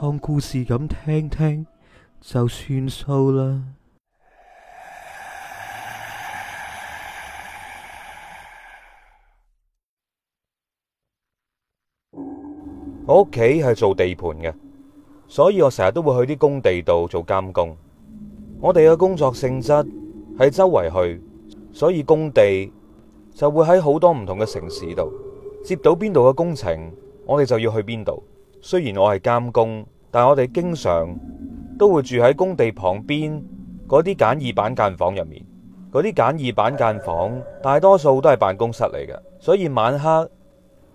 當故事咁聽聽就算數啦。我屋企係做地盤嘅，所以我成日都會去啲工地度做監工。我哋嘅工作性質係周圍去，所以工地就會喺好多唔同嘅城市度。接到邊度嘅工程，我哋就要去邊度。雖然我係監工，但我哋經常都會住喺工地旁邊嗰啲簡易板間房入面。嗰啲簡易板間房大多數都係辦公室嚟嘅，所以晚黑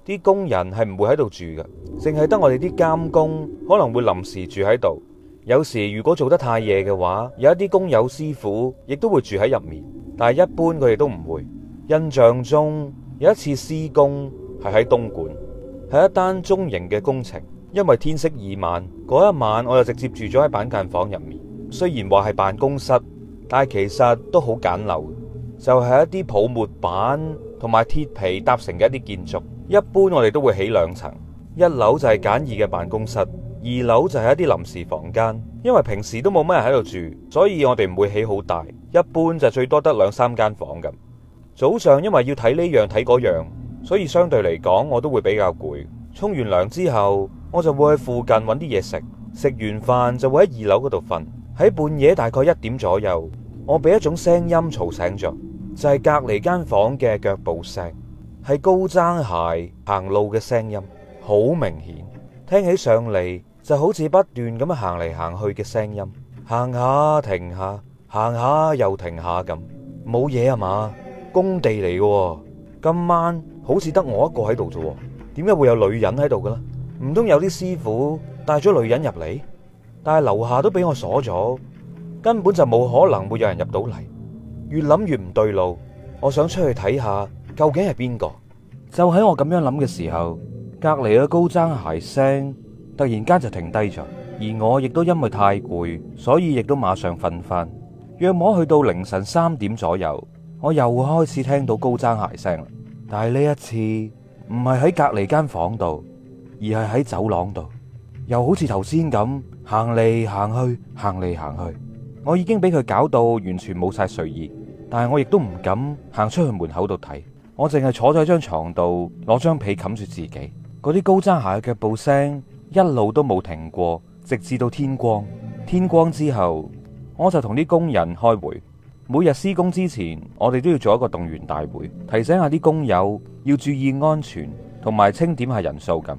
啲工人係唔會喺度住嘅，淨係得我哋啲監工可能會臨時住喺度。有時如果做得太夜嘅話，有一啲工友師傅亦都會住喺入面，但係一般佢哋都唔會。印象中有一次施工係喺東莞。係一單中型嘅工程，因為天色已晚，嗰一晚我就直接住咗喺板間房入面。雖然話係辦公室，但係其實都好簡陋，就係一啲泡沫板同埋鐵皮搭成嘅一啲建築。一般我哋都會起兩層，一樓就係簡易嘅辦公室，二樓就係一啲臨時房間。因為平時都冇乜人喺度住，所以我哋唔會起好大，一般就最多得兩三間房咁。早上因為要睇呢樣睇嗰樣。所以相對嚟講，我都會比較攰。沖完涼之後，我就會去附近搵啲嘢食。食完飯就會喺二樓嗰度瞓。喺半夜大概一點左右，我俾一種聲音嘈醒咗，就係、是、隔籬間房嘅腳步聲，係高踭鞋行路嘅聲音，好明顯。聽起上嚟就好似不斷咁樣行嚟行去嘅聲音，行下停下，行下又停下咁，冇嘢啊嘛？工地嚟嘅、哦，今晚。好似得我一個喺度啫，點解會有女人喺度嘅咧？唔通有啲師傅帶咗女人入嚟？但係樓下都俾我鎖咗，根本就冇可能會有人入到嚟。越諗越唔對路，我想出去睇下究竟係邊個。就喺我咁樣諗嘅時候，隔籬嘅高踭鞋聲突然間就停低咗，而我亦都因為太攰，所以亦都馬上瞓返。約莫去到凌晨三點左右，我又開始聽到高踭鞋聲但係呢一次唔係喺隔籬間房度，而係喺走廊度，又好似頭先咁行嚟行去，行嚟行去。我已經俾佢搞到完全冇晒睡意，但係我亦都唔敢行出去門口度睇，我淨係坐咗喺張床度，攞張被冚住自己。嗰啲高踭鞋嘅腳步聲一路都冇停過，直至到天光。天光之後，我就同啲工人開會。每日施工之前，我哋都要做一個動員大會，提醒下啲工友要注意安全，同埋清點下人數咁。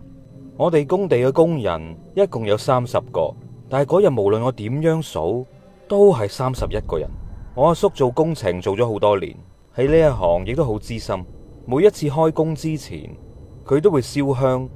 我哋工地嘅工人一共有三十個，但係嗰日無論我點樣數，都係三十一個人。我阿叔做工程做咗好多年，喺呢一行亦都好資深。每一次開工之前，佢都會燒香，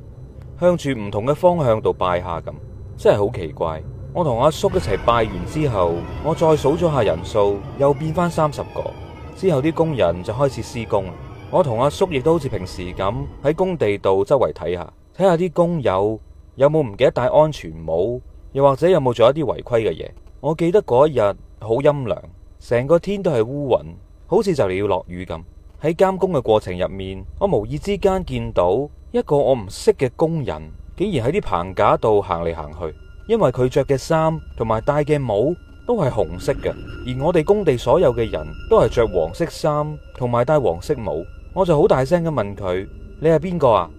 向住唔同嘅方向度拜下咁，真係好奇怪。我同阿叔一齊拜完之後，我再數咗下人數，又變翻三十個。之後啲工人就開始施工。我同阿叔亦都好似平時咁喺工地度周圍睇下，睇下啲工友有冇唔記得戴安全帽，又或者有冇做一啲違規嘅嘢。我記得嗰一日好陰涼，成個天都係烏雲，好似就嚟要落雨咁。喺監工嘅過程入面，我無意之間見到一個我唔識嘅工人，竟然喺啲棚架度行嚟行去。因為佢着嘅衫同埋戴嘅帽都係紅色嘅，而我哋工地所有嘅人都係着黃色衫同埋戴黃色帽，我就好大聲咁問佢：你係邊個啊？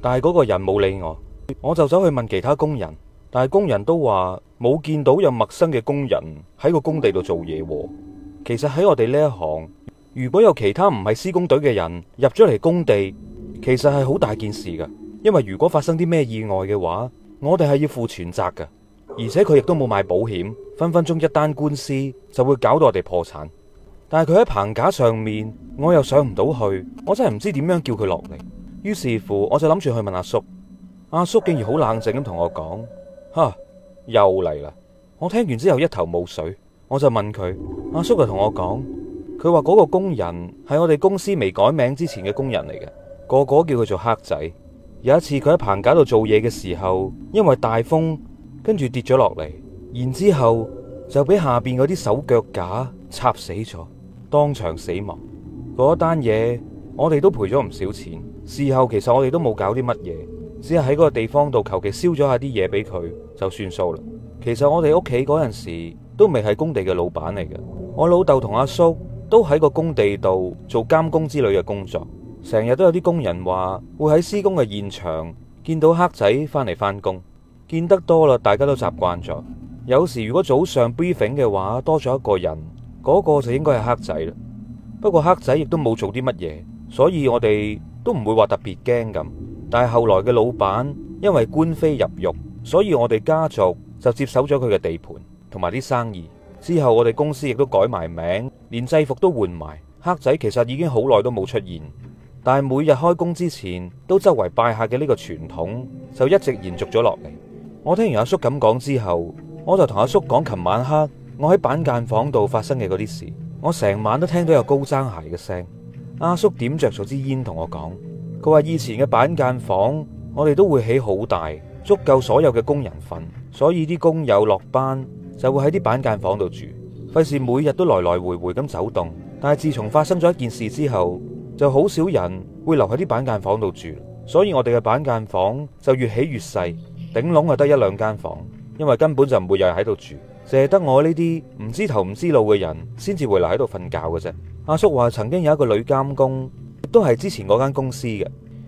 但係嗰個人冇理我，我就走去問其他工人，但係工人都話冇見到有陌生嘅工人喺個工地度做嘢。其實喺我哋呢一行，如果有其他唔係施工隊嘅人入咗嚟工地，其實係好大件事噶，因為如果發生啲咩意外嘅話。我哋係要負全責噶，而且佢亦都冇買保險，分分鐘一單官司就會搞到我哋破產。但係佢喺棚架上面，我又上唔到去，我真係唔知點樣叫佢落嚟。於是乎，我就諗住去問阿叔。阿叔竟然好冷靜咁同我講：吓，又嚟啦！我聽完之後一頭霧水，我就問佢。阿叔就同我講：佢話嗰個工人係我哋公司未改名之前嘅工人嚟嘅，個個叫佢做黑仔。有一次佢喺棚架度做嘢嘅時候，因為大風，跟住跌咗落嚟，然之後就俾下邊嗰啲手腳架插死咗，當場死亡。嗰單嘢我哋都賠咗唔少錢。事後其實我哋都冇搞啲乜嘢，只係喺嗰個地方度求其燒咗下啲嘢俾佢就算數啦。其實我哋屋企嗰陣時都未係工地嘅老闆嚟嘅，我老豆同阿叔都喺個工地度做監工之類嘅工作。成日都有啲工人話會喺施工嘅現場見到黑仔返嚟返工，見得多啦，大家都習慣咗。有時如果早上 briefing 嘅話，多咗一個人，嗰個就應該係黑仔啦。不過黑仔亦都冇做啲乜嘢，所以我哋都唔會話特別驚咁。但係後來嘅老闆因為官非入獄，所以我哋家族就接手咗佢嘅地盤同埋啲生意。之後我哋公司亦都改埋名，連製服都換埋。黑仔其實已經好耐都冇出現。但係每日開工之前都周圍拜客嘅呢個傳統就一直延續咗落嚟。我聽完阿叔咁講之後，我就同阿叔講，琴晚黑我喺板間房度發生嘅嗰啲事。我成晚都聽到有高踭鞋嘅聲。阿叔點着咗支煙同我講，佢話以前嘅板間房我哋都會起好大，足夠所有嘅工人瞓，所以啲工友落班就會喺啲板間房度住，費事每日都來來回回咁走動。但係自從發生咗一件事之後，.就好少人會留喺啲板間房度住，所以我哋嘅板間房就越起越細，頂籠就得一兩間房，因為根本就唔會有人喺度住，淨係得我呢啲唔知頭唔知路嘅人先至會留喺度瞓覺嘅啫。阿叔話曾經有一個女監工，都係之前嗰間公司嘅，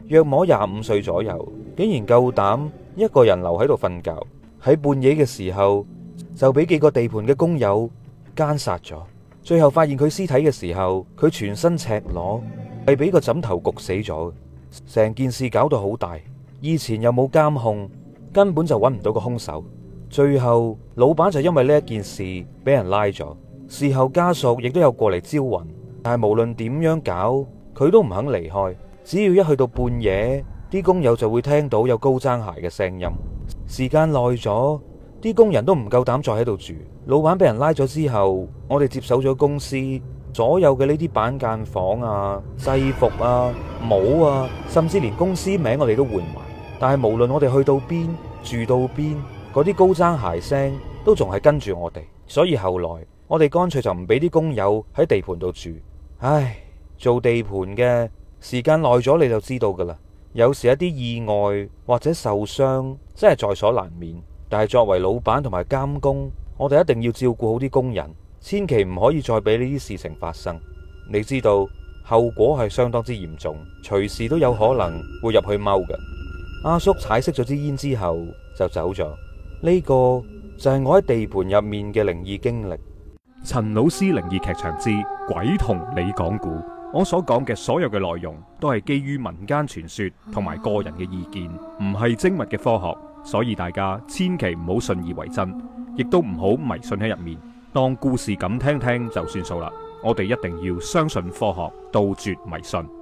約摸廿五歲左右，竟然夠膽一個人留喺度瞓覺，喺半夜嘅時候就俾幾個地盤嘅工友奸殺咗。最後發現佢屍體嘅時候，佢全身赤裸。係俾個枕頭焗死咗，成件事搞到好大。以前又冇監控，根本就揾唔到個凶手。最後老闆就因為呢一件事俾人拉咗。事後家屬亦都有過嚟招魂，但係無論點樣搞，佢都唔肯離開。只要一去到半夜，啲工友就會聽到有高踭鞋嘅聲音。時間耐咗，啲工人都唔夠膽再喺度住。老闆俾人拉咗之後，我哋接手咗公司。所有嘅呢啲板間房啊、制服啊、帽啊，甚至連公司名我哋都換埋。但係無論我哋去到邊住到邊，嗰啲高踭鞋聲都仲係跟住我哋。所以後來我哋乾脆就唔俾啲工友喺地盤度住。唉，做地盤嘅時間耐咗你就知道㗎喇。有時一啲意外或者受傷真係在所難免。但係作為老闆同埋監工，我哋一定要照顧好啲工人。千祈唔可以再俾呢啲事情發生，你知道後果係相當之嚴重，隨時都有可能會入去踎㗎。阿叔踩熄咗支煙之後就走咗，呢、呢個就係我喺地盤入面嘅靈異經歷。陳老師靈異劇場之鬼同你講故，我所講嘅所有嘅內容都係基於民間傳說同埋個人嘅意見，唔係精密嘅科學，所以大家千祈唔好信以為真，亦都唔好迷信喺入面。當故事咁聽聽就算數啦，我哋一定要相信科學，杜絕迷信。